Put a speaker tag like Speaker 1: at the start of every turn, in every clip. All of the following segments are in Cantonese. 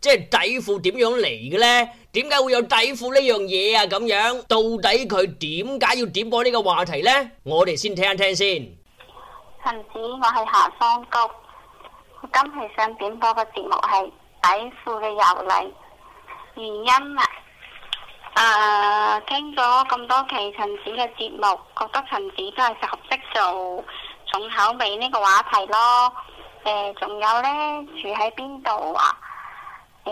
Speaker 1: 即係底褲點樣嚟嘅呢？點解會有底褲呢樣嘢啊？咁樣到底佢點解要點播呢個話題呢？我哋先聽一聽先。
Speaker 2: 陳子，我係夏桑菊，今期想點播嘅節目係底褲嘅由嚟原因啊！誒、呃，聽咗咁多期陳子嘅節目，覺得陳子都係適合做重口味呢個話題咯。誒、呃，仲有呢，住喺邊度啊？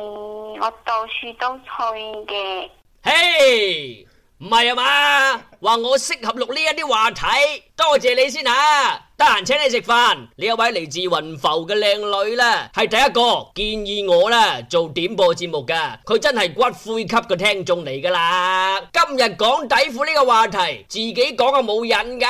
Speaker 1: Hey, 我到處都去嘅。嘿，唔係啊嘛，話我適合錄呢一啲話題，多謝你先吓、啊。得閒請你食飯，呢一位嚟自雲浮嘅靚女啦，係第一個建議我啦做點播節目噶，佢真係骨灰級嘅聽眾嚟噶啦。今日講底褲呢個話題，自己講啊冇癮噶，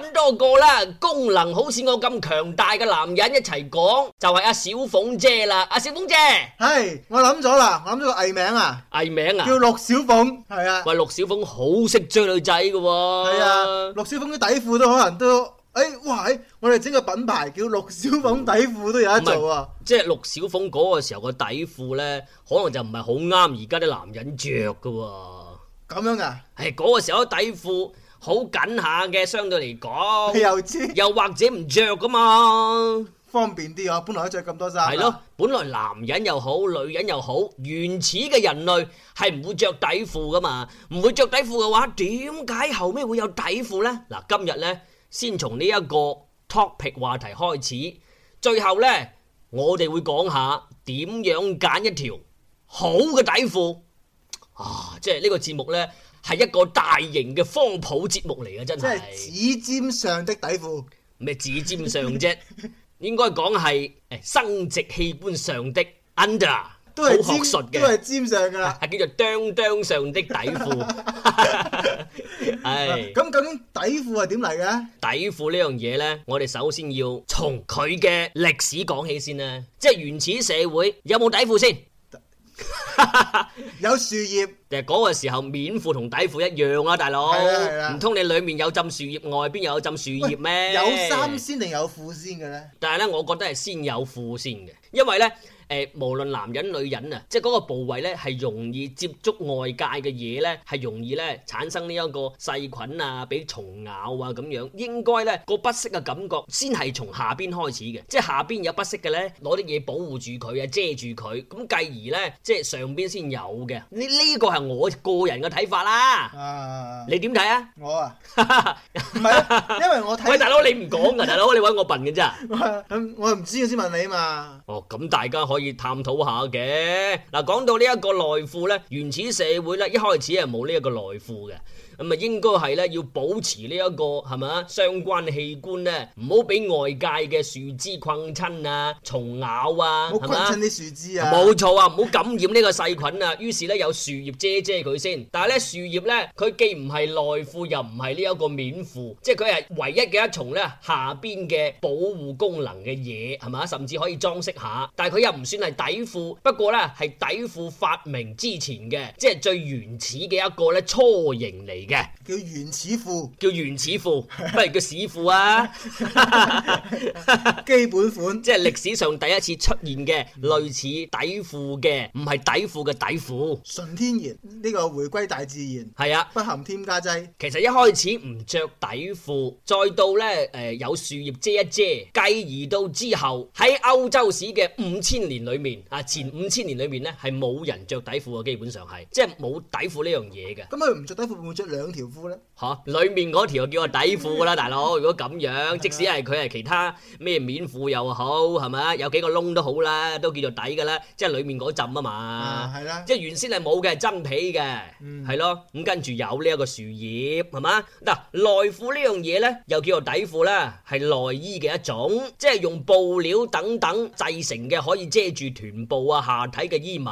Speaker 1: 搵多個啦，功能好似我咁強大嘅男人一齊講，就係阿小鳳姐啦。阿小鳳姐，係我諗咗啦，我諗咗個藝名啊，藝名啊，叫陸小鳳，係啊，喂，陸小鳳好識追女仔噶喎，係啊，陸小鳳啲底褲都
Speaker 3: 可能都。誒，哇！我哋整個品牌叫陸小鳳底褲都有得做啊！
Speaker 1: 即係陸小鳳嗰個時候個底褲呢，可能就唔係好啱而家啲男人着噶。咁樣啊？係嗰個時候啲底褲好緊下嘅，相對嚟講又知，又或者唔着噶嘛，方便啲啊！本來可以着咁多衫。係咯，本來男人又好，女人又好，原始嘅人類係唔會着底褲噶嘛。唔會着底褲嘅話，點解後尾會有底褲呢？嗱，今日呢。先從呢一個 topic 話題開始，最後呢，我哋會講下點樣揀一條好嘅底褲。啊，即係呢個節目呢，係一個大型嘅科普節目嚟嘅，真係。指尖上的底褲。咩指尖上啫？ 應該講係生殖器官上的 under。都係尖，都係尖上噶啦，係叫做釘釘上的底褲。係 咁、 哎，究竟底
Speaker 3: 褲係點嚟嘅？
Speaker 1: 底褲呢樣嘢咧，我哋首先要從佢嘅歷史講起先啦。即係原始社會有冇底褲先？ 有樹葉。其實嗰個時候，棉褲同底褲一樣啊，大佬。唔通你裏面有浸樹葉，外邊又有浸樹葉咩？有衫
Speaker 3: 先定有褲先嘅
Speaker 1: 咧？但係咧，我覺得係先有褲先嘅，因為咧。誒，無論男人女人啊，即係嗰個部位咧係容易接觸外界嘅嘢咧，係容易咧產生呢一個細菌啊，俾蟲咬啊咁樣，應該咧個不適嘅感覺先係從下邊開始嘅，即係下邊有不適嘅咧，攞啲嘢保護住佢啊，遮住佢，咁繼而咧即係上邊先有嘅，呢呢個係我個人嘅睇法啦。你點睇啊？
Speaker 3: 我啊，
Speaker 1: 唔係，因為我睇喂，大佬你唔講噶，大佬你揾我笨嘅咋？
Speaker 3: 我我唔知先問你嘛。
Speaker 1: 哦，咁大家可。可以探討下嘅嗱，講到呢一個內褲咧，原始社會咧，一開始係冇呢一個內褲嘅。咁啊，應該係咧，要保持呢、這、一個係嘛相關器官咧，唔好俾外界嘅樹枝困親啊、蟲咬啊，係嘛？冇困親啲樹枝啊！冇錯啊，唔好感染呢個細菌啊。於是咧，有樹葉遮遮佢先。但係咧，樹葉咧，佢既唔係內褲，又唔係呢一個面褲，即係佢係唯一嘅一重咧下邊嘅保護功能嘅嘢，係嘛？甚至可以裝飾下。但係佢又唔算係底褲，不過咧係底褲發明之前嘅，即係最原始嘅一個咧初型嚟。叫原始褲，叫原始褲， 不如叫屎褲啊！基本款，即係歷史上第一次出現嘅類似底褲嘅，唔係底褲嘅底褲。純天然呢、呢個回歸大自然，係是啊，不含添加劑。其實一開始唔着底褲，再到呢誒、呃、有樹葉遮一遮，繼而到之後喺歐洲史嘅五千年裏面啊，前五千年裏面呢，係冇人着底褲嘅，基本上係即係冇底褲呢樣嘢嘅。咁佢唔着底褲會唔會著兩兩條褲咧，吓、啊、裏面嗰條叫個底褲噶啦，大佬。如果咁樣，嗯、即使係佢係其他咩棉褲又好，係咪有幾個窿都好啦，都叫做底噶啦，即係裏面嗰浸啊嘛。係啦、嗯，即係原先係冇嘅，係真皮嘅，係、嗯、咯。咁跟住有呢一個樹葉，係嘛嗱？內褲呢樣嘢呢，又叫做底褲啦，係內衣嘅一種，即係用布料等等製成嘅，可以遮住臀部啊下體嘅衣物。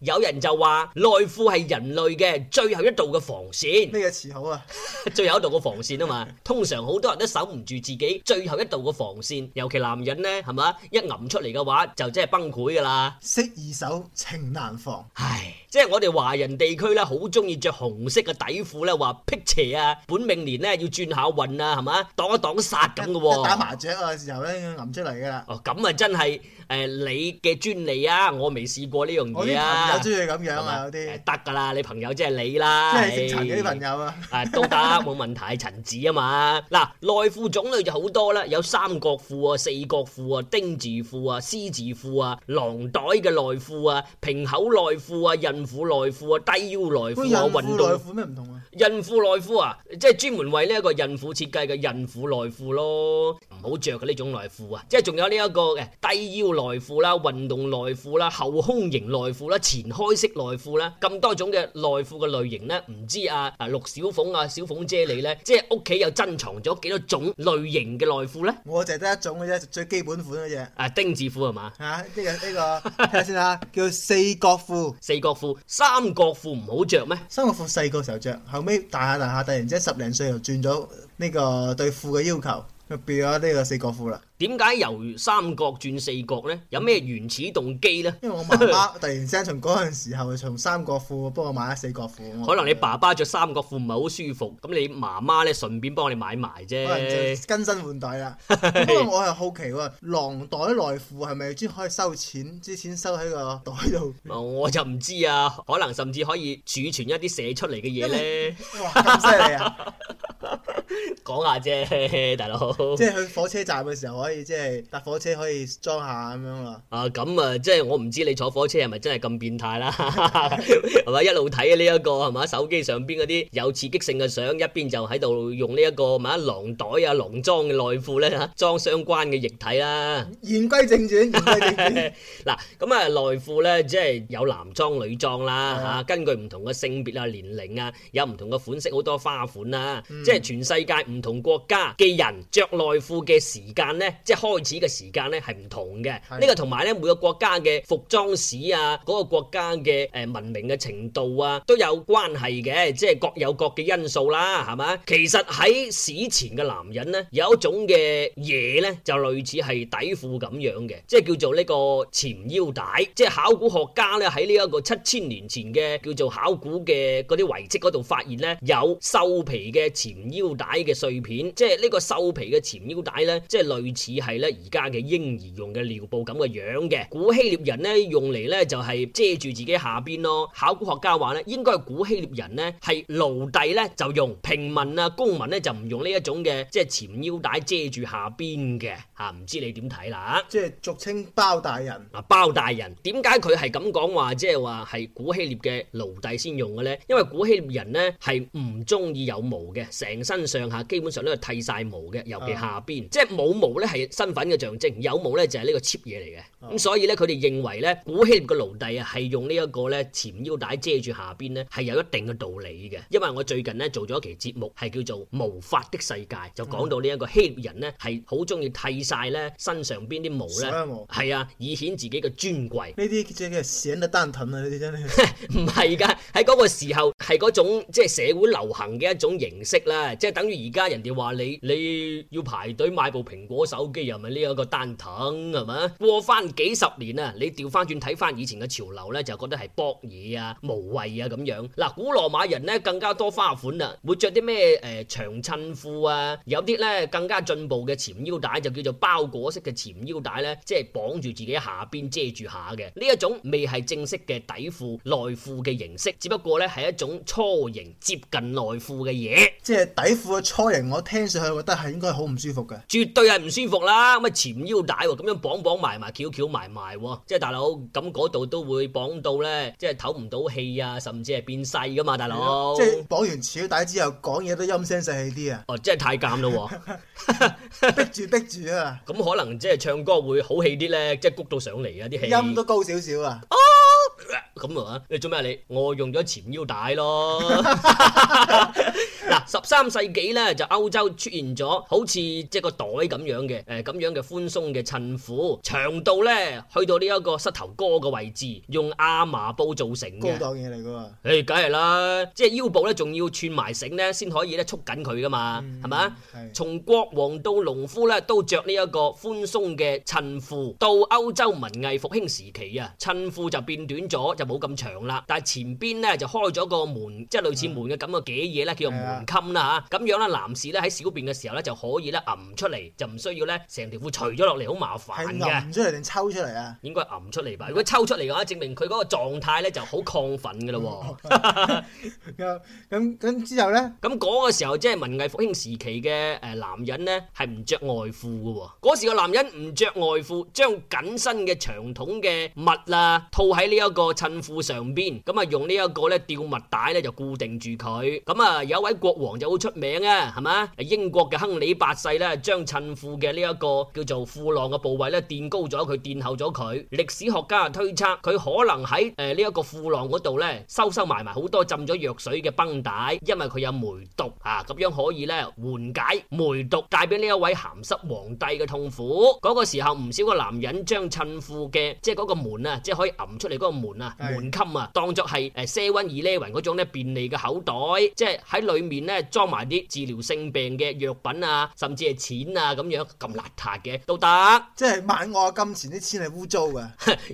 Speaker 1: 有人就話內褲係人類嘅最後一道嘅防線。時候啊， 最後一道嘅防線啊嘛，通常好多人都守唔住自己最後一道嘅防線，尤其男人呢，係嘛？一揞出嚟嘅話，就真係崩潰㗎啦。色易守，情難防，唉。即係我哋華人地區咧，好中意着紅色嘅底褲咧，話辟邪啊！本命年咧要轉下運啊，係嘛？擋一擋煞咁嘅喎。打麻雀嘅
Speaker 3: 時候咧，揞、啊、出
Speaker 1: 嚟噶啦。哦，咁啊，真係誒，你嘅專利啊，我未試過呢樣嘢啊。我啲朋友中意咁樣啊，吧有啲得噶啦，你朋友即係你啦，即係陳嘅朋友啊。誒、 啊，都得冇問題，陳子啊嘛。嗱、啊，內褲種類就好多啦，有三角褲啊、四角褲啊、丁字褲啊、獅字褲啊，啊、狼袋嘅內褲啊、平口內褲啊、人。褲內褲啊，低腰內褲啊，運動內褲咩唔同啊？孕婦內褲啊，即係專門為呢一個孕婦設計嘅孕婦內褲咯，唔好着嘅呢種內褲啊，即係仲有呢一個誒低腰內褲啦、運動內褲啦、後空型內褲啦、前開式內褲啦，咁多種嘅內褲嘅類型咧，唔知啊，阿陸小鳳啊、小鳳姐你咧，即係屋企又珍藏咗幾多種類型嘅內褲咧？我就得一種嘅啫，最基本款嗰隻啊，丁字褲係嘛？吓，呢個呢個睇下先啊，叫四角褲。四角褲。三角褲唔好着咩？
Speaker 3: 三角褲細個小時候着，後尾大下大下突然之間十零歲又轉咗呢個對褲嘅要求。變咗呢個四角褲啦，
Speaker 1: 點解由三角轉四角呢？有咩原始動機呢？因為我媽媽
Speaker 3: 突然之間從嗰陣時候從三角褲幫我買咗四角褲。
Speaker 1: 可能你爸爸着三角褲唔係好舒服，咁你媽媽呢，順便幫 我哋買埋啫。可能就係
Speaker 3: 更新換代啦。不過我係好奇喎，狼袋內褲係咪專可以收錢？啲錢收喺個袋度。我
Speaker 1: 就唔知啊，可能甚至可以儲存一啲射出嚟嘅嘢呢。
Speaker 3: 哇！咁犀利啊！
Speaker 1: 講下啫，大佬，即係
Speaker 3: 去火車站嘅時候可以，即係搭火車可以裝下咁樣咯。
Speaker 1: 啊，咁啊，即、就、係、是、我唔知你坐火車係咪真係咁變態啦，係咪 一路睇呢一個係咪手機上邊嗰啲有刺激性嘅相，一邊就喺度用呢、這、一個，係咪啊狼袋啊狼裝嘅內褲咧，裝相關嘅液體啦。言歸正傳，嗱，咁啊內褲咧，即係有男裝女裝啦，吓，根據唔同嘅性別啊、年齡啊，有唔同嘅款式，好多花款啦、啊，嗯、即係全世。世界唔同國家嘅人著內褲嘅時間咧，即係開始嘅時間咧，係唔同嘅。呢個同埋咧每個國家嘅服裝史啊，嗰個國家嘅誒文明嘅程度啊，都有關係嘅，即係各有各嘅因素啦，係咪？其實喺史前嘅男人咧，有一種嘅嘢咧，就類似係底褲咁樣嘅，即係叫做呢個纏腰帶。即係考古學家咧喺呢一個七千年前嘅叫做考古嘅嗰啲遺跡嗰度發現咧，有獸皮嘅纏腰帶。帶嘅碎片，即係呢個獸皮嘅前腰帶咧，即係類似係咧而家嘅嬰兒用嘅尿布咁嘅樣嘅。古希臘人咧用嚟咧就係遮住自己下邊咯。考古學家話咧，應該係古希臘人咧係奴隸咧就用，平民啊公民咧就唔用呢一種嘅，即係前腰帶遮住下邊嘅。吓、啊，唔知你點睇啦？即係俗稱包大人。啊包大人點解佢係咁講話，即係話係古希臘嘅奴隸先用嘅咧？因為古希臘人咧係唔中意有毛嘅，成身。上下基本上都係剃晒毛嘅，尤其下邊，uh, 即係冇毛咧係身份嘅象徵，有毛咧就係呢個 cheap 嘢嚟嘅。咁、uh, 所以咧，佢哋認為咧，古希臘嘅奴隸啊，係用呢一個咧纏腰帶遮住下邊咧，係有一定嘅道理嘅。因為我最近咧做咗一期節目，係叫做《毛髮的世界》，就講到呢一個希臘人咧係好中意剃晒咧身上邊啲毛咧，係、uh, 啊，以顯自己嘅尊貴。
Speaker 3: 呢啲真係嘅顯得單純啊，呢啲真係
Speaker 1: 唔係㗎？喺嗰個時候係嗰種即係社會流行嘅一種形式啦，即係等。等於而家人哋話你，你要排隊買部蘋果手機又咪呢一個單筒係嘛？過翻幾十年啊，你調翻轉睇翻以前嘅潮流咧，就覺得係搏嘢啊、無謂啊咁樣。嗱、啊，古羅馬人呢更加多花款啦，會着啲咩，誒長襯褲啊？有啲呢更加進步嘅纏腰帶，就叫做包裹式嘅纏腰帶呢，即係綁住自己下邊遮住下嘅呢一種未係正式嘅底褲內褲嘅形式，只不過呢係一種初型接近內褲嘅嘢，
Speaker 3: 即係底褲。個初型我聽上去覺得係應該好唔舒服嘅，
Speaker 1: 絕對係唔舒服啦、啊。咁啊纏腰帶咁樣綁綁埋埋，翹翹埋埋，即係大佬咁嗰度都會綁到咧，即係唞唔到氣啊，bisschen, 甚至係變細噶嘛，大佬。即係
Speaker 3: 綁完腰帶之後講嘢都陰聲細氣啲啊。哦，
Speaker 1: 即係太緊啦，逼住逼住啊。咁可能即係唱歌會好氣啲咧，即係谷到上嚟啊啲氣，音
Speaker 3: 都高少少啊。
Speaker 1: 咁啊！你做咩？你我用咗前腰帶咯。 嗱，十三世紀咧就歐洲出現咗好似即係個袋咁樣嘅，誒咁樣嘅寬鬆嘅襯褲，長度咧去到呢一個膝頭哥嘅位置，用亞麻布做成嘅高檔嘢嚟噶。誒、欸，梗係啦，即係腰部咧仲要串埋繩咧先可以咧束緊佢噶嘛，係咪？從國王到農夫咧都着呢一個寬鬆嘅襯褲。到歐洲文藝復興時期啊，襯褲就變短咗。冇咁長啦，但係前邊咧就開咗個門，即係類似門嘅咁嘅嘢咧，嗯、叫做門襟啦吓。咁、嗯、樣咧，男士咧喺小便嘅時候咧，就可以咧揞出嚟，就唔需要咧成條褲除咗落嚟，好麻煩。係揞出嚟定抽出嚟啊？應該揞出嚟吧。嗯、如果抽出嚟嘅話，證明佢嗰個狀態咧就好亢奮嘅咯。咁、嗯、咁、嗯嗯 嗯嗯、之後咧，咁嗰個時候即係文藝復興時期嘅誒、呃呃，男人咧係唔着外褲嘅、哦。嗰時個男人唔着外褲，將緊身嘅長筒嘅襪啦套喺呢一個襯。襯褲上邊咁啊，用呢一個咧吊物帶咧就固定住佢。咁啊，有一位國王就好出名啊，係嘛？英國嘅亨利八世咧，將襯褲嘅呢一個叫做褲浪嘅部位咧墊高咗，佢墊厚咗佢。歷史學家推測，佢可能喺，誒，呢一個褲浪嗰度咧收收埋埋好多浸咗藥水嘅繃帶，因為佢有梅毒啊，咁樣可以咧緩解梅毒帶俾呢一位鹹濕皇帝嘅痛苦。嗰個時候唔少個男人將襯褲嘅即係嗰個門啊，即係可以揞出嚟嗰個門啊。門襟啊，當作係誒 Seven Eleven 嗰種咧便利嘅口袋，即係喺裏面咧裝埋啲治療性病嘅藥品啊，甚至係錢啊咁樣咁邋遢嘅都得。即係萬惡嘅金錢，啲錢係污糟嘅。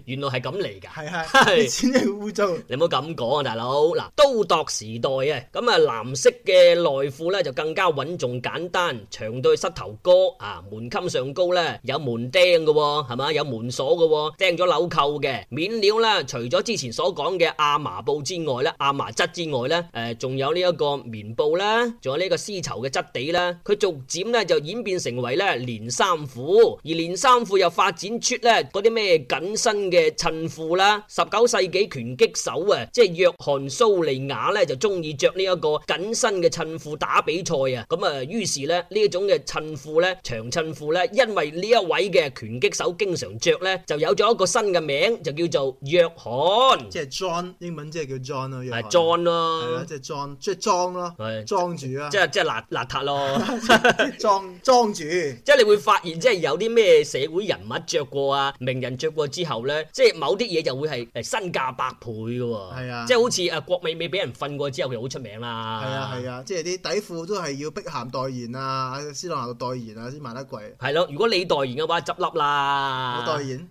Speaker 1: 原來係咁嚟噶。係係，啲錢係污糟。你唔好咁講啊，大佬。嗱，都鐸時代啊，咁啊藍色嘅內褲咧就更加穩重簡單，長到膝頭哥啊，門襟上高咧有門釘嘅，係嘛，有門鎖嘅，釘咗紐扣嘅，面料咧除咗之。以前所講嘅亞麻布之外咧，亞麻質之外咧，誒、呃、仲有呢一個棉布啦，仲有呢個絲綢嘅質地啦，佢逐漸咧就演變成為咧連衫褲，而連衫褲又發展出咧嗰啲咩緊身嘅襯褲啦。十九世紀拳擊手啊，即係約翰蘇利亞咧，就中意着呢一個緊身嘅襯褲打比賽啊。咁啊，於是咧呢一種嘅襯褲咧長襯褲咧，因為呢一位嘅拳擊手經常着咧，就有咗一個新嘅名，就叫做約翰。即係 John，英文即係叫 John 咯，係 John 咯，係啦，即係 John，即係裝咯，係裝住啊，即係即係邋邋遢咯，裝裝住，即係你會發現，即係有啲咩社會人物着過啊，名人着過之後咧，即係某啲嘢就會係誒身價百倍噶喎，係啊，即係好似阿郭美美俾人瞓過之後，佢好出名啦，係啊係啊，即係啲底褲都係要碧咸代言
Speaker 3: 啊，阿司代言
Speaker 1: 啊，先賣得貴，係咯，如果你代言嘅話，執笠啦，我代言，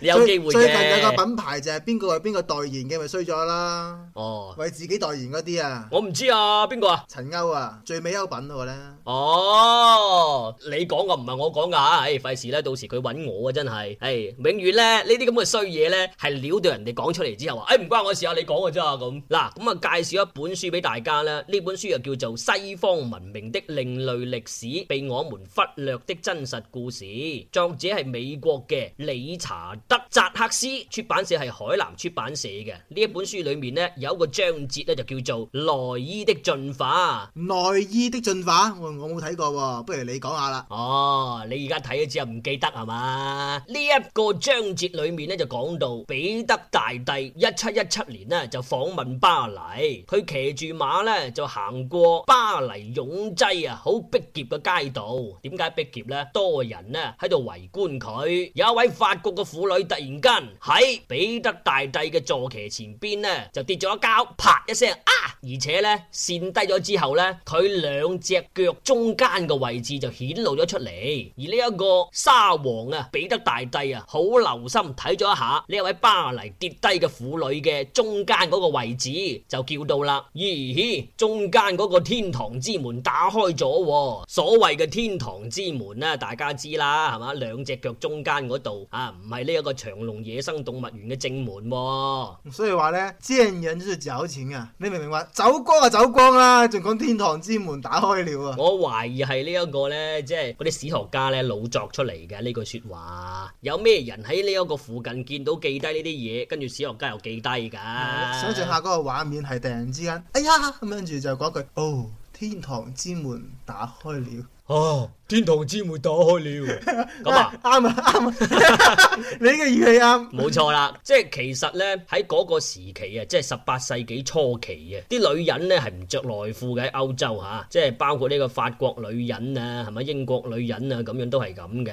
Speaker 1: 你有機會，最近有個品
Speaker 3: 牌。就係邊個係邊個代言嘅，咪衰咗啦！哦，為自己代言嗰啲啊，我唔知啊，邊個啊？陳歐啊，最美優品嗰個咧？
Speaker 1: 哦，你講嘅唔係我講噶，唉，費事咧，到時佢揾我啊，真係，唉、哎，永遠咧呢啲咁嘅衰嘢咧，係撩到人哋講出嚟之後啊，唉，唔、哎、關我事啊，你講嘅咋咁？嗱，咁啊，介紹一本書俾大家啦。呢本書又叫做《西方文明的另類歷史：被我們忽略的真實故事》，作者係美國嘅理查德扎克斯，出版社係。海南出版社嘅呢一本書裏面呢，有一個章節呢，就叫做《內衣的進化》。內衣的進化，我我冇睇過，不如你講下啦。哦，你而家睇咗之後唔記得係嘛？呢一個章節裏面呢，就講到彼得大帝一七一七年呢，就訪問巴黎，佢騎住馬呢，就行過巴黎擁擠啊好逼仄嘅街道。點解逼仄呢？多人呢喺度圍觀佢。有一位法國嘅婦女突然間喺彼彼得大帝嘅坐騎前邊呢，就跌咗一跤，啪一聲啊！而且呢，跣低咗之後呢，佢兩隻腳中間嘅位置就顯露咗出嚟。而呢一個沙皇啊，彼得大帝啊，好留心睇咗一下呢一位巴黎跌低嘅婦女嘅中間嗰個位置，就叫到啦，咦，咦，中間嗰個天堂之門打開咗喎。所謂嘅天堂之門呢，大家知啦，係嘛，兩隻腳中間嗰度啊，唔係呢一個長隆野生動物園嘅。正門喎、啊，
Speaker 3: 所以話呢，啲人引出走錢啊，你明唔明
Speaker 1: 白？走光，走光啊，走光啦，仲講天堂之門打開了啊！我懷疑係呢一個呢，即係嗰啲史學家呢老作出嚟嘅呢句説話。有咩人喺呢一個附近見到記低呢啲嘢，跟住史學家又記低㗎、啊。想象下
Speaker 3: 嗰個畫面，係突然之間，哎呀咁樣住就講句，哦，天堂之門打開了，哦。天堂之門打開了，咁啊啱啊啱啊！你嘅語氣
Speaker 1: 啱，冇錯啦。即係其實呢，喺嗰個時期啊，即係十八世紀初期啊，啲女人呢係唔着內褲嘅。喺歐洲嚇，即係包括呢個法國女人啊，係咪英國女人啊，咁樣都係咁嘅。誒、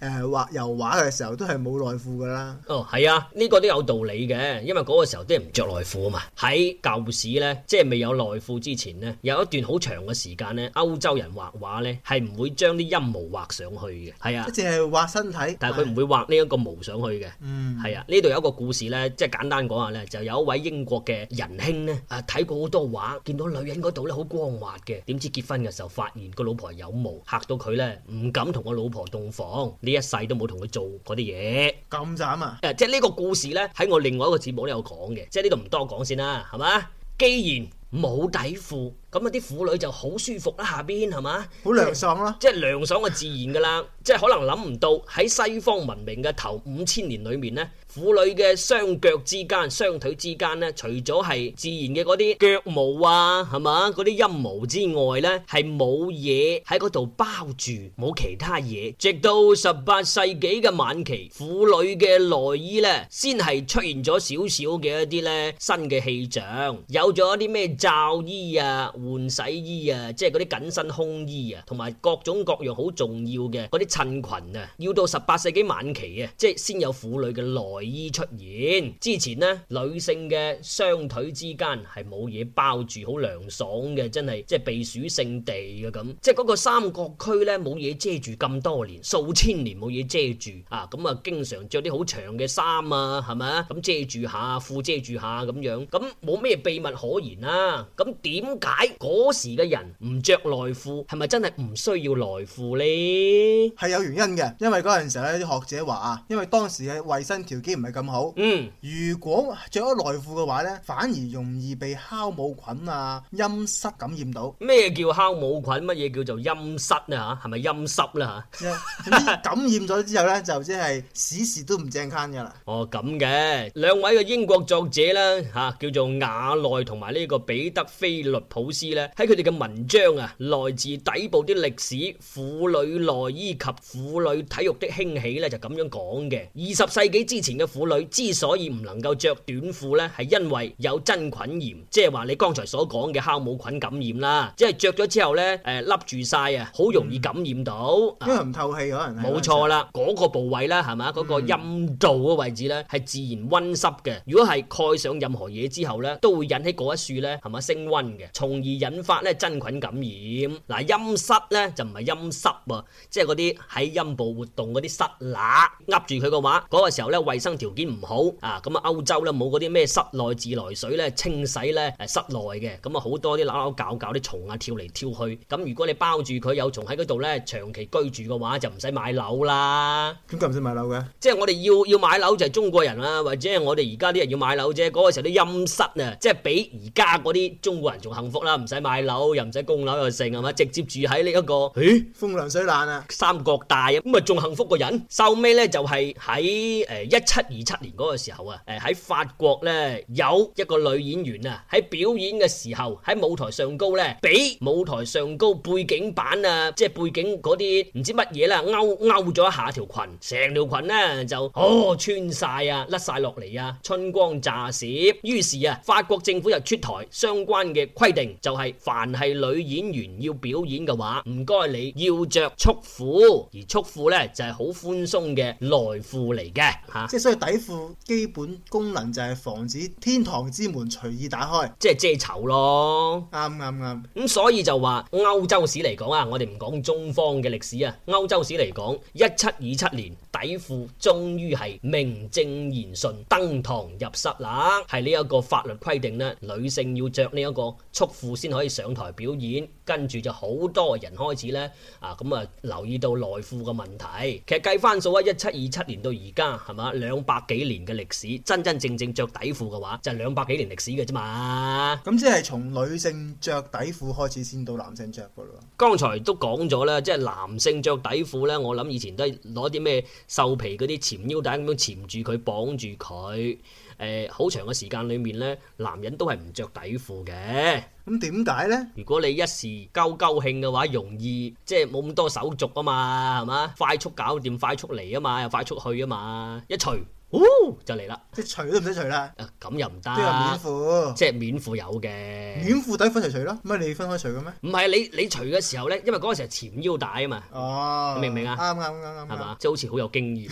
Speaker 1: 呃、畫油畫嘅時候都係冇內褲㗎啦。哦，係啊，呢、呢個都有道理嘅，因為嗰個時候都係唔着內褲啊嘛。喺舊時呢，即係未有內褲之前呢，有一段好長嘅時間呢，歐洲人畫畫呢係唔會將啲陰毛畫上去嘅，係啊，淨係畫身體，但係佢唔會畫呢一個毛上去嘅，嗯，係啊。呢度有一個故事呢，即係簡單講下呢，就有一位英國嘅仁兄呢，啊睇過好多畫，見到女人嗰度呢好光滑嘅，點知結婚嘅時候發現個老婆有毛，嚇到佢呢，唔敢同個老婆洞房，呢一世都冇同佢做嗰啲嘢。咁慘啊，啊！即係呢個故事呢，喺我另外一個節目都有講嘅，即係呢度唔多講先啦，係嘛？既然冇底褲。咁啲婦女就好舒服啦、啊，下邊係嘛？好涼爽咯，即係涼爽啊，爽自然噶啦。 即係可能諗唔到喺西方文明嘅頭五千年裏面呢，婦女嘅雙腳之間、雙腿之間呢，除咗係自然嘅嗰啲腳毛啊，係嘛，嗰啲陰毛之外呢，係冇嘢喺嗰度包住，冇其他嘢。直到十八世紀嘅晚期，婦女嘅內衣呢先係出現咗少少嘅一啲呢新嘅氣象，有咗啲咩罩衣啊。換洗衣啊，即係嗰啲緊身胸衣啊，同埋各種各樣好重要嘅嗰啲襯裙啊，要到十八世紀晚期啊，即係先有婦女嘅內衣出現。之前呢，女性嘅雙腿之間係冇嘢包住，好涼爽嘅，真係即係避暑勝地嘅咁。即係嗰個三角區呢，冇嘢遮住咁多年，數千年冇嘢遮住啊，咁啊，經常着啲好長嘅衫啊，係咪啊？咁遮住下褲遮住下咁樣，咁冇咩秘密可言啦、啊。咁點解？嗰時嘅人唔着內褲，係咪真係唔需要內褲呢？係有原因嘅，因為嗰陣時候咧，啲學者話啊，因為當時嘅衛生條
Speaker 3: 件唔係咁好。嗯，如果着咗內褲嘅話呢，反而容易被酵母菌啊、陰濕感染到。
Speaker 1: 咩叫酵母菌？乜嘢叫做陰濕咧？吓、啊，係咪陰濕咧？
Speaker 3: 吓，感染咗之後呢，就即係時時都唔正刊噶啦。
Speaker 1: 哦，咁嘅兩位嘅英國作者啦，吓、啊、叫做雅內同埋呢個彼得菲律，律普。知咧，喺佢哋嘅文章啊，來自底部啲歷史，婦女內衣及婦女體育的興起咧，就咁樣講嘅。二十世紀之前嘅婦女之所以唔能夠着短褲咧，係因為有真菌炎，即係話你剛才所講嘅酵母菌感染啦。即係着咗之後咧，誒、呃、笠住晒啊，好容易感染到，因為唔透氣可能冇錯啦。嗰、嗰個部位啦，係嘛，嗰個陰道嘅位置咧，係自然温濕嘅。如果係蓋上任何嘢之後咧，都會引起嗰一處咧，係咪？升温嘅，從而。而引發咧真菌感染，嗱，陰蝨咧就唔係陰濕啊，即係嗰啲喺陰部活動嗰啲蝨乸，握住佢嘅話，嗰、嗰個時候咧衛生條件唔好啊，咁啊歐洲咧冇嗰啲咩室內自來水咧清洗咧誒室內嘅，咁啊好多啲扭扭搞搞啲蟲啊跳嚟跳去，咁如果你包住佢有蟲喺嗰度咧，長期居住嘅話就唔使買樓啦。點解唔使買樓嘅？即係我哋要要買樓就係中國人啦，或者係我哋而家啲人要買樓啫。嗰、嗰個時候啲陰蝨啊，即係比而家嗰啲中國人仲幸福啦。唔使買樓，又唔使供樓又剩係嘛，直接住喺呢一個。咦，風涼水冷啊！三角大啊，咁啊，仲幸福過人。收尾咧就係喺誒一七二七年嗰個時候啊，誒、呃、喺法國咧有一個女演員啊喺表演嘅時候喺舞台上高咧，俾舞台上高背景板啊，即係背景嗰啲唔知乜嘢啦，勾勾咗下條裙，成條裙咧就、嗯、哦穿晒啊甩晒落嚟啊，春光乍泄。於是啊，法國政府又出台相關嘅規定。就係凡係女演員要表演嘅話，唔該你要着束褲，而束褲呢，就係好寬鬆嘅內褲嚟嘅，吓、啊，即係所以底褲基本功能就係防止天堂之門隨意打開，即係遮醜咯，啱啱啱，咁所以就話歐洲史嚟講啊，我哋唔講中方嘅歷史啊，歐洲史嚟講，一七二七年底褲終於係名正言順登堂入室啦，係呢一個法律規定呢，女性要着呢一個束褲。先可以上台表演，跟住就好多人開始呢。啊！咁啊，留意到內褲嘅問題。其實計翻數啊，一七二七年到而家係咪，兩百幾年嘅歷史，真真正正着底褲嘅話，就係兩百幾年歷史嘅啫嘛。咁即係
Speaker 3: 從女性着底褲開始，先到男性着嘅咯。
Speaker 1: 剛才都講咗啦，即係男性着底褲呢。我諗以前都係攞啲咩獸皮嗰啲纏腰帶咁樣纏住佢，綁住佢。誒好、呃、長嘅時間裏面咧，男人都係唔着底褲嘅。咁點解咧？呢如果你一時高高興嘅話，容易即係冇咁多手續啊嘛，係嘛？快速搞掂，快速嚟啊嘛，又快速去啊嘛，一除。哦，就嚟啦！啊、即除都唔使除啦，啊咁又唔得，即係棉褲，即係棉褲有嘅，
Speaker 3: 棉褲底褲一齊除咯。乜你分開除嘅
Speaker 1: 咩？唔係你你除嘅時候咧，因為嗰陣時係纏腰帶啊嘛。哦，你明唔明啊？啱啱啱啱，係、嗯、嘛？即、嗯、係、嗯嗯、好似好有經驗，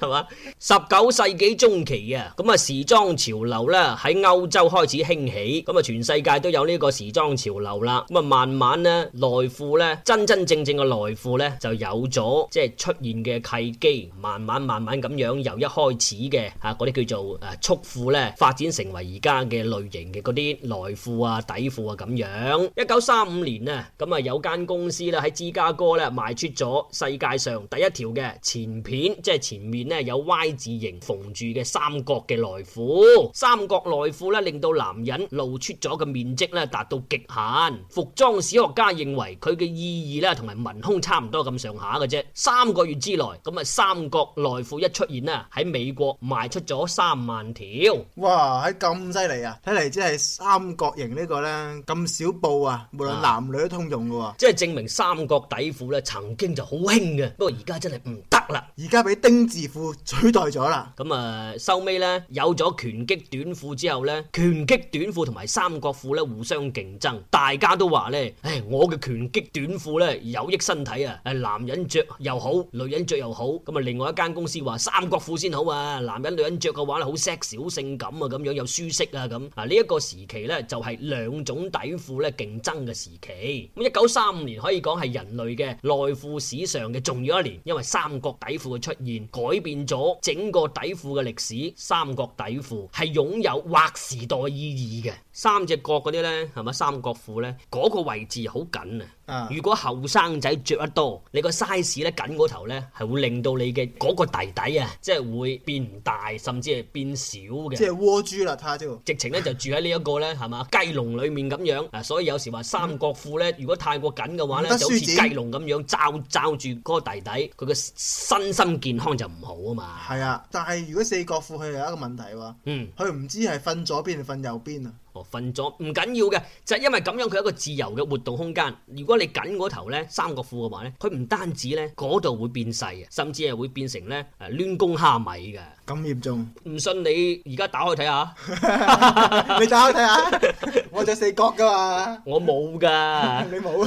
Speaker 1: 係嘛？ 十九世紀中期啊，咁啊時裝潮流咧喺歐洲開始興起，咁啊全世界都有呢個時裝潮流啦。咁啊慢慢咧內褲咧真真正正嘅內褲咧就有咗即係出現嘅契機，慢慢慢，慢。慢慢咁樣由一開始嘅吓嗰啲叫做誒、啊、束褲咧，發展成為而家嘅類型嘅嗰啲內褲啊、底褲啊咁樣。嗯、一九三五年呢，咁啊有間公司咧喺芝加哥咧賣出咗世界上第一條嘅前片，即係前面咧有 Y 字形縫住嘅三角嘅內褲。三角內褲咧令到男人露出咗嘅面積咧達到極限。服裝史學家認為佢嘅意義咧同埋文胸差唔多咁上下嘅啫。三個月之內咁啊，三角內褲。褲一出現啊，喺美國賣出咗三萬條。
Speaker 3: 哇，喺咁犀利啊！
Speaker 1: 睇嚟，即係三角形呢、呢個呢，咁少布啊，無論男女通用嘅喎，啊，即係證明三角底褲呢曾經就好興嘅。不過而家真係唔得啦，而
Speaker 3: 家俾丁字褲取代咗啦。
Speaker 1: 咁啊、嗯，收、嗯、尾呢，有咗拳擊短褲之後呢，拳擊短褲同埋三角褲呢互相競爭，大家都話呢，唉，我嘅拳擊短褲呢有益身體啊，係男人着又好，女人着又好。咁啊，另外一間公司。話三角褲先好啊，男人女人着嘅話咧，好 sexy 性,性感啊，咁樣又舒適啊，咁啊呢一、呢個時期咧就係、係、兩種底褲咧競爭嘅時期。咁一九三五年可以講係人類嘅內褲史上嘅重要一年，因為三角底褲嘅出現改變咗整個底褲嘅歷史。三角底褲係擁有劃時代意義嘅，三隻角嗰啲咧係咪三角褲咧？嗰、嗰個位置好緊啊！如果後生仔着得多，你個 size 咧緊嗰頭咧，係會令到你嘅嗰個弟弟啊，即係會變大，甚至係變少嘅。即係窩豬啦，他就直情咧就住喺呢一個咧，係嘛？ 雞籠裡面咁樣啊，所以有時話三角褲咧，嗯、如果太過緊嘅話咧，就好似雞籠咁樣罩罩住嗰個弟弟，佢個身心健康就唔好啊嘛。係
Speaker 3: 啊，但係如果四角褲佢有一個問題喎，嗯，佢唔知係瞓咗邊定瞓右邊啊。
Speaker 1: 哦，瞓咗唔緊要嘅，就係因為咁樣佢有一個自由嘅活動空間。如果你緊嗰頭咧，三角褲嘅話咧，佢唔單止咧嗰度會變細啊，甚至係會變成咧誒，攣弓蝦米嘅。咁嚴重？唔信你而家打開睇下， 你打開睇下，
Speaker 3: 我着四角噶嘛？
Speaker 1: 我冇噶，你 冇。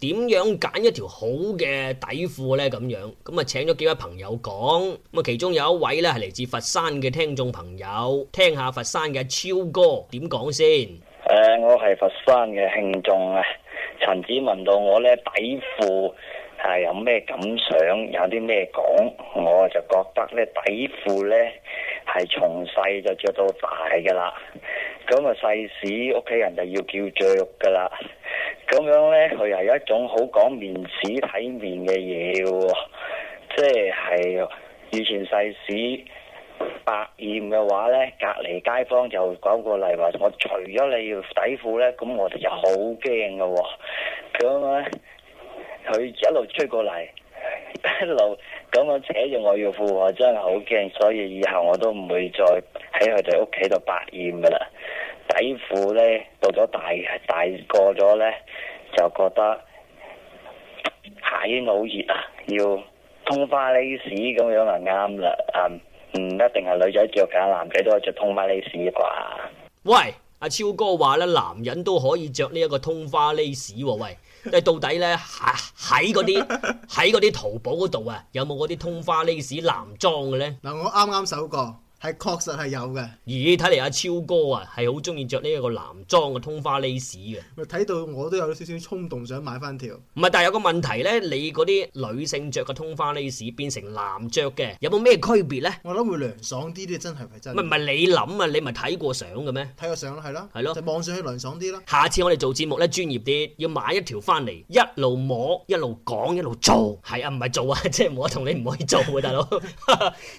Speaker 1: 點樣揀一條好嘅底褲咧？咁樣咁啊，請咗幾位朋友講。咁啊，其中有一位咧係嚟自佛山嘅聽眾朋友，聽下佛山嘅超。哥，點講先？
Speaker 4: 誒，我係佛山嘅聽眾啊。陳子問到我咧底褲係、啊、有咩感想，有啲咩講，我就覺得咧底褲咧係從細就着到大噶啦。咁啊細時屋企人就要叫着噶啦。咁樣咧佢係一種好講面子、體面嘅嘢噶，即係以前細時。百厭嘅話咧，隔離街坊就講過嚟話，我除咗你要底褲咧，咁我哋就好驚嘅，咁啊，佢一路追過嚟，一路咁樣扯住我要褲，我真係好驚，所以以後我都唔會再喺佢哋屋企度百厭噶啦。底褲咧，到咗大大過咗咧，就覺得夏天好熱啊，要通花呢屎。」咁樣啊，啱啦，啱。唔、嗯、一定係女仔着噶，男仔都可以着通花呢士啩。
Speaker 1: 喂，阿、啊、超哥話咧，男人都可以着呢一個通花呢士，喂，即係 到底咧喺喺嗰啲喺嗰啲淘寶嗰度啊，有冇嗰啲通花裝呢士男裝嘅咧？嗱， 我啱啱搜過。係確實係有嘅，咦？睇嚟阿超哥啊，係好中意着呢一個男裝嘅通花呢士嘅。睇到我都有少少衝動想買翻條。唔係，但係有個問題咧，你嗰啲女性着嘅通花呢士變成男着嘅，有冇咩區別咧？我諗會涼爽啲咧，真係唔係真。唔係唔係，你諗啊？你咪睇過相嘅咩？睇過相啦，係啦，係咯，就望上去涼爽啲啦。下次我哋做節目咧，專業啲，要買一條翻嚟，一路摸，一路講，一路做。係啊，唔係做啊，即係我同你唔可以做嘅，大佬。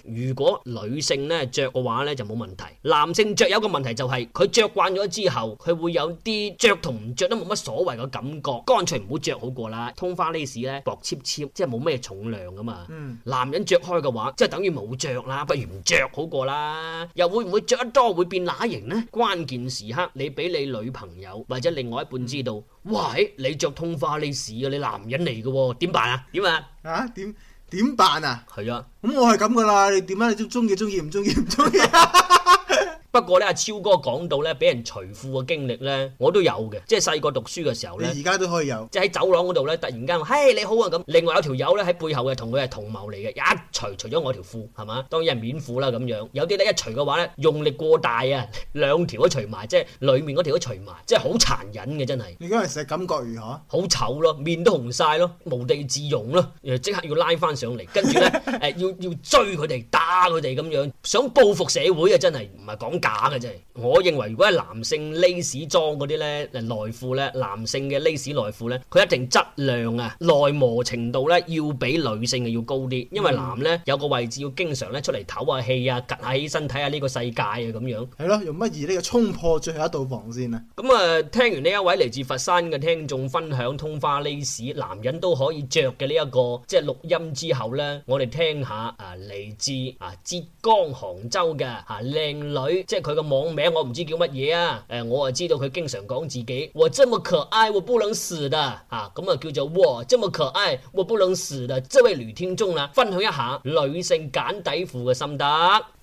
Speaker 1: 如果女性咧。着嘅話咧就冇問題。男性着有一個問題就係佢着慣咗之後，佢會有啲着同唔着都冇乜所謂嘅感覺，乾脆唔好着好過啦。通花利士呢薄切切，即係冇咩重量噶嘛。嗯、男人着開嘅話，即係等於冇着啦，不如唔着好過啦。又會唔會着得多會變乸型呢？關鍵時刻你俾你女朋友或者另外一半知道，嗯、喂，你着通花利士啊，你男人嚟噶喎，點辦啊？點啊？啊點？點辦啊？係啊，咁我係咁
Speaker 3: 嘅喇，你點解你中中意中意唔中意唔中意？
Speaker 1: 不過咧，阿超哥講到咧，俾人除褲嘅經歷咧，我都有嘅，即係細個讀書嘅時候咧。你而家都可以有。即係喺走廊嗰度咧，突然間，嘿你好啊咁。另外有條友咧喺背後嘅，同佢係同謀嚟嘅，一除除咗我條褲，係嘛？當然係面褲啦咁樣。有啲咧一除嘅話咧，用力過大啊， 兩條都除埋，即係裡面嗰條都除埋，即係好殘忍嘅真係。你而家係感覺如何？好醜咯，面都紅晒咯，無地自容咯，誒即刻要拉翻上嚟，跟住咧誒要要，要追佢哋打佢哋咁樣，想報復社會啊！真係唔係講。假嘅啫,我認為如果係男性 lace 裝嗰啲咧，誒內褲咧，男性嘅 lace 內褲咧，佢一定質量啊，耐磨程度咧，要比女性嘅要高啲，因為男咧有個位置要經常咧出嚟唞下氣啊，趷下起身睇下呢個世界啊咁樣。
Speaker 3: 係咯，用乜嘢咧？衝破最後一道防線啊！
Speaker 1: 咁啊、嗯，聽完呢一位嚟自佛山嘅聽眾分享通花 lace，男人都可以着嘅呢一個即係錄音之後咧，我哋聽下啊，嚟自啊浙江杭州嘅啊靚女，女。即係佢個網名我、啊呃，我唔知叫乜嘢啊！誒，我啊知道佢經常講自己，我、oh, 這麼可愛，我不能死的啊！咁啊叫做，我、oh, 這麼可愛，我不能死的。這位女聽眾啦，分享一下女性揀底褲嘅心得。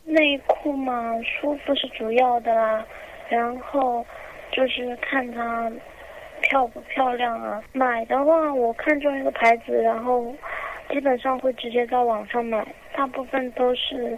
Speaker 2: 內褲嘛，舒服是主要的啦，然後就是看她漂不漂亮啊。買的話，我看中一個牌子，然後基本上會直接在網上買，大部分都是。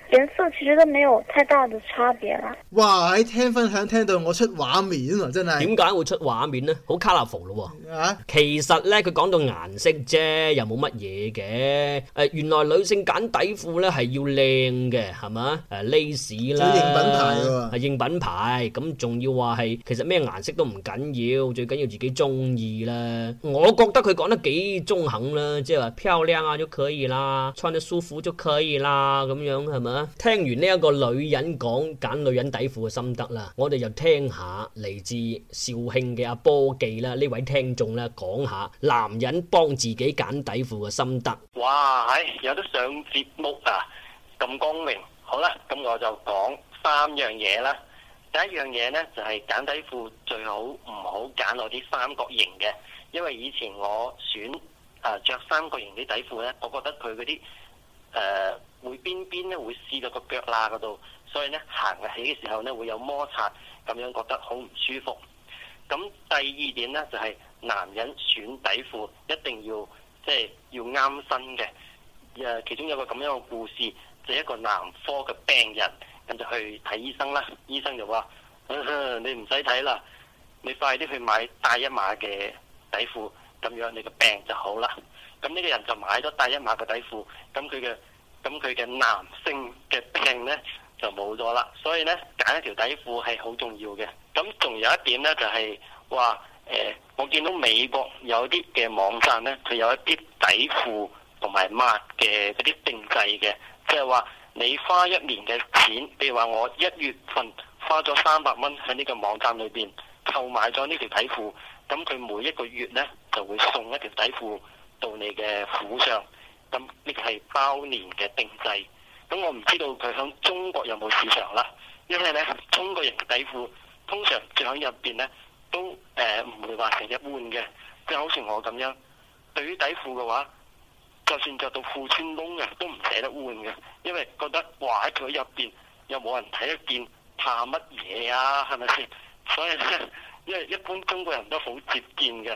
Speaker 2: 顏色其實都
Speaker 1: 沒有太大的差別啦。哇！喺聽分享聽到我出畫面啊，真係點解會出畫面咧？好 colourful 咯
Speaker 2: 喎。
Speaker 1: 啊，其實咧佢講到顏色啫，又冇乜嘢嘅。誒，原來女性揀底褲咧係要靚嘅，係咪啊？誒，lace 啦，最認品牌嘅喎，係認品牌。咁仲要話係，其實咩顏色都唔緊要，最緊要自己中意啦。我覺得佢講得幾中肯啦，即係話漂亮啊就可以啦，穿得舒服就可以啦，咁樣係咪？聽完呢一個女人講揀女人底褲嘅心得啦，我哋就聽下嚟自肇慶嘅阿波記啦，呢位聽眾咧講下男人幫自己揀底褲嘅心得。
Speaker 5: 哇，係有得上節目啊，咁光明。好啦，咁我就講三樣嘢啦。第一樣嘢咧，就係揀底褲最好唔好揀落啲三角形嘅，因為以前我選啊着三角形啲底褲咧，我覺得佢嗰啲。誒、呃、會邊邊咧會試到個腳罅嗰度，所以咧行起嘅時候咧會有摩擦，咁樣覺得好唔舒服。咁第二點咧就係、是、男人選底褲一定要即係、就是、要啱身嘅。誒其中有個咁樣嘅故事，就是、一個男科嘅病人咁就去睇醫生啦，醫生就話、呃：你唔使睇啦，你快啲去買大一碼嘅底褲，咁樣你個病就好啦。咁呢個人就買咗第一碼嘅底褲，咁佢嘅咁佢嘅男性嘅病呢就冇咗啦。所以呢，揀一條底褲係好重要嘅。咁仲有一點呢，就係、是、話，誒、呃，我見到美國有啲嘅網站呢，佢有一啲底褲同埋襪嘅嗰啲定制嘅，即係話你花一年嘅錢，比如話我一月份花咗三百蚊喺呢個網站裏邊購買咗呢條底褲，咁佢每一個月呢就會送一條底褲到你嘅府上，咁呢個係包年嘅定制，咁我唔知道佢響中國有冇市場啦，因為咧，中國人底褲通常着喺入邊咧都誒唔、呃、會話成日換嘅，即係好似我咁樣，對於底褲嘅話，就算着到褲穿窿嘅都唔捨得換嘅，因為覺得哇喺佢入邊又冇人睇得見，怕乜嘢啊，係咪先？所以呢，因為一般中國人都好節儉嘅。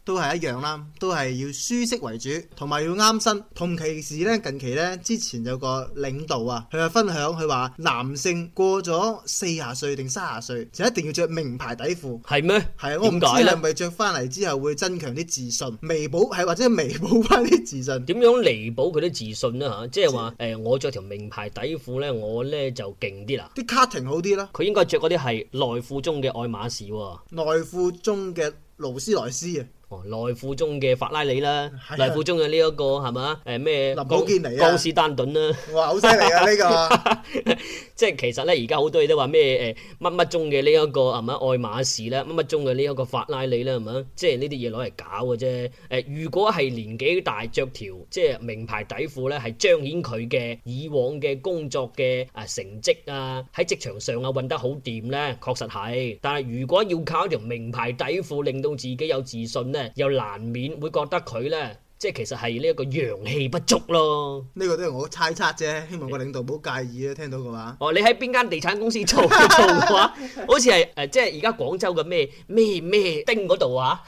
Speaker 3: 都係一樣啦，都係要舒適為主，同埋要啱身。同其時呢，近期呢，之前有個領導啊，佢嘅分享，佢話男性過咗四十歲定三十歲就一定要着名牌底褲，係咩嗎？係啊是，我唔知係咪着翻嚟之後會增強啲自信，
Speaker 1: 彌補係或者彌補翻啲自信。點樣彌補佢啲自信呢？吓、就是，即係話誒，我着條名牌底褲呢，我呢就勁啲啦，啲卡廷好啲啦。佢應該着嗰啲係內褲中嘅愛馬仕喎，內褲中嘅勞斯萊斯啊。內褲、哦、中嘅法拉利啦，內褲、啊、中嘅、這個呃、呢一、呃這個係嘛？誒咩？林寶堅尼？啊，江詩丹頓啦，嘩，
Speaker 2: 好犀利啊呢個，即
Speaker 1: 係其實咧，而家好多嘢，都話咩？誒乜乜中嘅呢一個係嘛？愛馬仕啦，乜乜中嘅呢一個法拉利啦，係嘛？即係呢啲嘢攞嚟搞嘅啫。誒、呃，如果係年紀大着條即係名牌底褲咧，係彰顯佢嘅以往嘅工作嘅啊成績啊，喺職場上啊混得好掂咧，確實係。但係如果要靠一條名牌底褲令到自己有自信咧，又難免會覺得佢呢。即係其實係呢一個陽氣不足咯，呢個都係我猜測啫，希望個領導唔好介意啊！聽到嘅話，哦，你喺邊間地產公司做嘅喎？做嘅話 好似係誒，即係而家廣州嘅咩咩咩丁嗰度啊？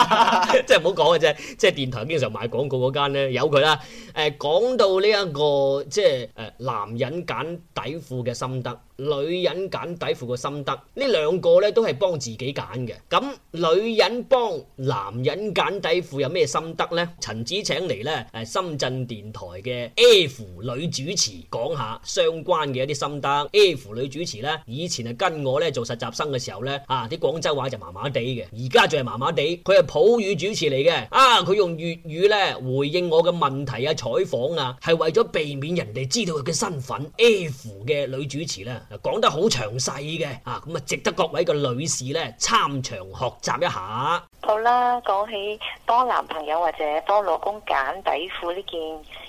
Speaker 1: 即係唔好講嘅啫，即係電台經常賣廣告嗰間咧有佢啦。誒、呃，講到呢、這、一個即係誒、呃、男人揀底褲嘅心得，女人揀底褲嘅心得，呢兩個咧都係幫自己揀嘅。咁女人幫男人揀底褲有咩心得咧？唔止請嚟咧，誒，深圳電台嘅 F 女主持，講下相關嘅一啲心得。F 女主持呢，以前係跟我咧做實習生嘅時候呢，啊啲廣州話就麻麻地嘅，而家仲係麻麻地。佢係普語主持嚟嘅。啊，佢用粵語呢回應我嘅問題啊、採訪啊，係為咗避免人哋知道佢嘅身份。F 嘅女主持呢，講得好詳細嘅，啊，咁啊值得各位嘅女士呢參詳學習一下。好啦，講起多男朋友
Speaker 2: 或者多。老公揀底褲呢件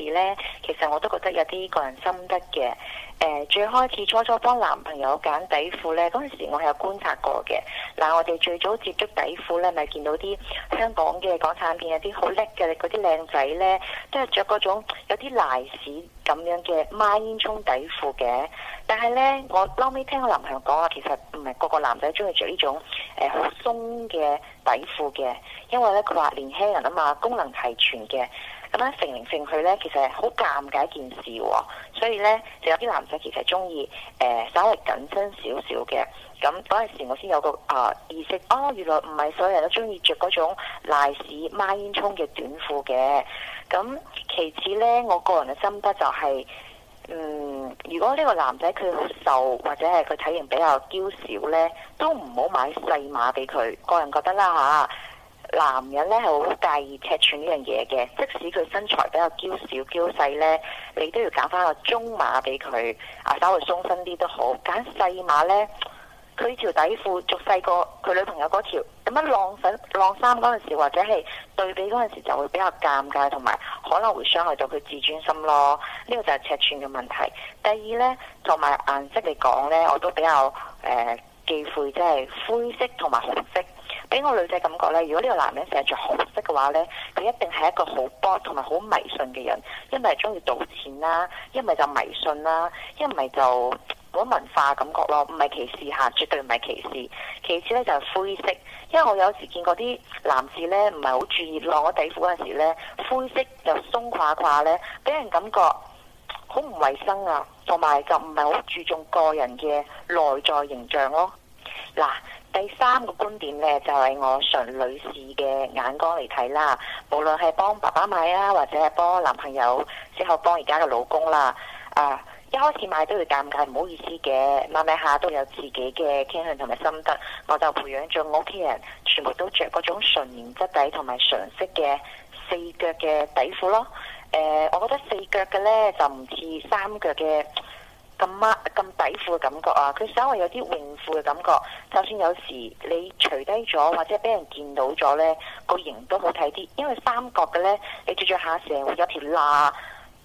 Speaker 2: 事呢，其實我都覺得有啲個人心得嘅。誒、呃、最開始初初幫男朋友揀底褲呢，嗰陣時我係有觀察過嘅。嗱、呃，我哋最早接觸底褲呢，咪見到啲香港嘅港產片有啲好叻嘅嗰啲靚仔呢，都係着嗰種有啲瀨屎咁樣嘅孖煙囪底褲嘅。但係呢，我後尾聽我男朋友講話，其實唔係個個男仔中意着呢種誒好鬆嘅底褲嘅，因為呢，佢話年輕人啊嘛，功能齊全嘅。咁咧，揈嚟揈去呢，其實係好尷尬一件事喎。所以呢，就有啲男仔其實中意誒，稍微緊身少少嘅。咁嗰陣時，我先有個啊意識，哦，原來唔係所有人都中意着嗰種瀨屎孖煙囪嘅短褲嘅。咁其次呢，我個人嘅心得就係，嗯，如果呢個男仔佢好瘦或者係佢體型比較嬌小呢，都唔好買細碼俾佢。個人覺得啦嚇。啊男人咧係好介意尺寸呢樣嘢嘅，即使佢身材比較嬌小嬌細咧，你都要揀翻個中碼俾佢，啊稍微鬆身啲都好。揀細碼咧，佢條底褲仲細過佢女朋友嗰條，咁樣晾粉晾衫嗰陣時，或者係對比嗰陣時就會比較尷尬，同埋可能會傷害到佢自尊心咯。呢、呢個就係尺寸嘅問題。第二咧，同埋顏色嚟講咧，我都比較誒忌諱，即、呃、係灰色同埋紅色。俾我女仔感覺咧，如果呢個男人成日着紅色嘅話咧，佢一定係一個好 b o 同埋好迷信嘅人，一唔係中意賭錢啦，一唔係就迷信啦，一唔係就冇文化感覺咯。唔係歧視嚇，絕對唔係歧視。其次咧就係灰色，因為我有時見過啲男士咧，唔係好注意晾底褲嗰陣時咧，灰色就鬆垮垮咧，俾人感覺好唔衞生啊，同埋就唔係好注重個人嘅內在形象咯。嗱。第三個觀點咧，就係、是、我純女士嘅眼光嚟睇啦。無論係幫爸爸買啊，或者係幫男朋友之後幫而家嘅老公啦，誒、啊，一開始買都要尷尬，唔好意思嘅。慢慢下都有自己嘅傾向同埋心得。我就培養咗我屋企人全部都着嗰種純棉質地同埋純色嘅四腳嘅底褲咯。誒、呃，我覺得四腳嘅咧就唔似三腳嘅。咁孖咁底褲嘅感覺啊，佢稍微有啲泳褲嘅感覺。就算有時你除低咗，或者俾人見到咗呢，個型都好睇啲。因為三角嘅呢，你着着下成會有條罅，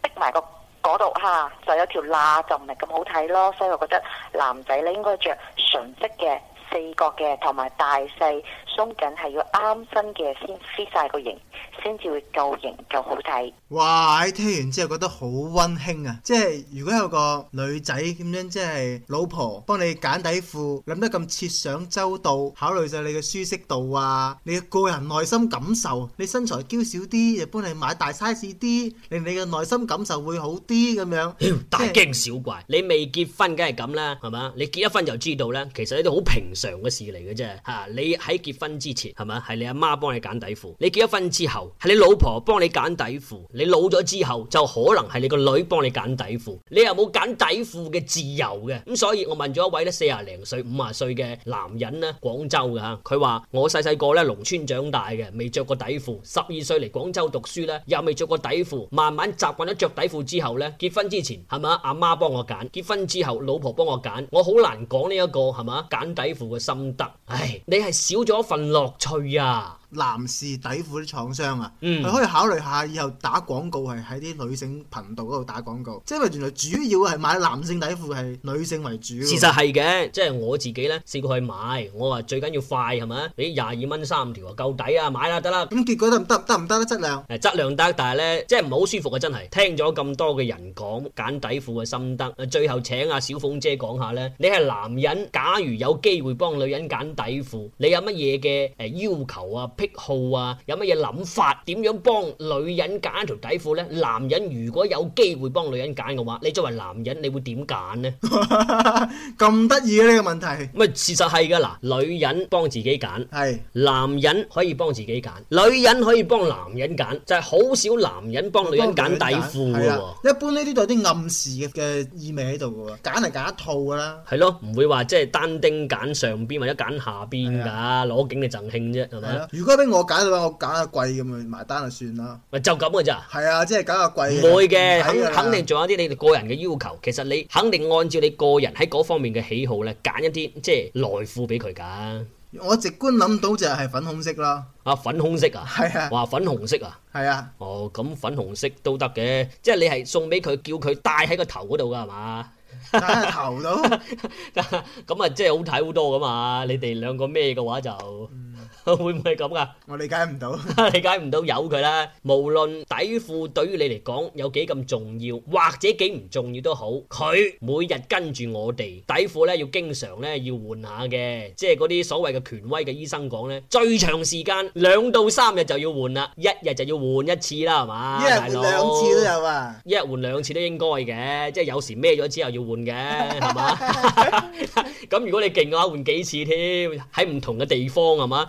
Speaker 2: 逼埋個嗰度吓，就有條罅，就唔係咁好睇咯。所以我覺得男仔呢應該着純色嘅四角嘅，同埋大細。仲緊
Speaker 3: 係要啱身嘅先 fit 晒個型，先至會夠型，夠好睇。哇！聽完之後覺得好溫馨啊！即係如果有個女仔咁樣，即係老婆幫你揀底褲，諗得咁設想周到，考慮晒你嘅舒適度啊，你嘅個人內心感受。你身材嬌小啲，又幫你買大 size 啲，令你嘅內心感受會好啲咁樣。大驚
Speaker 1: 小怪，就是，你未結婚梗係咁啦，係嘛？你結咗婚就知道啦。其實呢啲好平常嘅事嚟嘅啫。吓，你喺結婚。結婚之前係咪係你阿媽幫你揀底褲？你結咗婚之後係你老婆幫你揀底褲？你老咗之後就可能係你個女幫你揀底褲？你又冇揀底褲嘅自由嘅咁、嗯，所以我問咗一位咧四十零歲、五十歲嘅男人咧，廣州㗎吓，佢話我細細個咧農村長大嘅，未着過底褲，十二歲嚟廣州讀書咧又未着過底褲，慢慢習慣咗着底褲之後咧，結婚之前係咪阿媽幫我揀？結婚之後老婆幫我揀，我好難講呢一個係咪啊揀底褲嘅心得？唉，你係少咗 fun 樂趣啊。男士底褲啲廠商啊，
Speaker 3: 佢、嗯、可以考慮下以後打廣告係喺啲女性頻道嗰度打廣告，即係原來主要係買男性底褲係女性為主。其實
Speaker 1: 係嘅，即係我自己呢，試過去買，我話最緊要快係咪啊？俾廿二蚊三條啊，夠抵啊，買啦得啦。咁結果得唔得？得唔得啊？質量誒，質量得，但係呢，即係唔好舒服啊？真係聽咗咁多嘅人講揀底褲嘅心得，最後請阿小鳳姐講下呢，你係男人，假如有機會幫女人揀底褲，你有乜嘢嘅誒要求啊？癖好啊，有乜嘢諗法？點樣幫女人揀條底褲呢？男人如果有機會幫女人揀嘅話，你作為男人你會點揀呢？咁得意嘅呢個問題？係事實係噶嗱，女人幫自己揀係，是男人可以幫自己揀，女人可以幫男人揀，就係、是、好少男人幫女人揀底褲喎、啊啊。一般呢
Speaker 3: 啲都有啲暗示嘅意味喺度喎，揀係揀一套噶啦，
Speaker 1: 係咯、啊，唔會話即係單丁揀上邊或者揀下邊噶，攞、啊、景嘅贈慶啫，係咪？
Speaker 3: 俾我揀啦，我揀下貴咁咪埋單就算啦。
Speaker 1: 咪就咁嘅咋？係啊，即係揀下貴。唔會嘅，肯肯定仲有啲你哋個人嘅要求。啊、其實你肯定按照你個人喺嗰方面嘅喜好咧，揀一啲即係內褲俾佢噶。我直觀諗到就係粉紅色啦。啊，粉紅色啊？係啊。話粉紅色啊？係啊。哦，咁粉紅色都得嘅，即係你係送俾佢，叫佢戴喺個頭嗰度噶係嘛？戴頭度，咁啊，即係好睇好多噶嘛。你哋兩個咩嘅話就？嗯會唔會咁噶？我理解唔到， 理解唔到，由佢啦。無論底褲對於你嚟講有幾咁重要，或者幾唔重要都好，佢每日跟住我哋底褲咧，要經常咧要換下嘅。即係嗰啲所謂嘅權威嘅醫生講咧，最長時間兩到三日就要換啦，一日就要換一次啦，係嘛？一日兩次都有啊！一日換兩次都應該嘅，即係有時孭咗之後要換嘅，係嘛 是吧？咁 如果你勁嘅話，換幾次添？喺唔同嘅地方係嘛？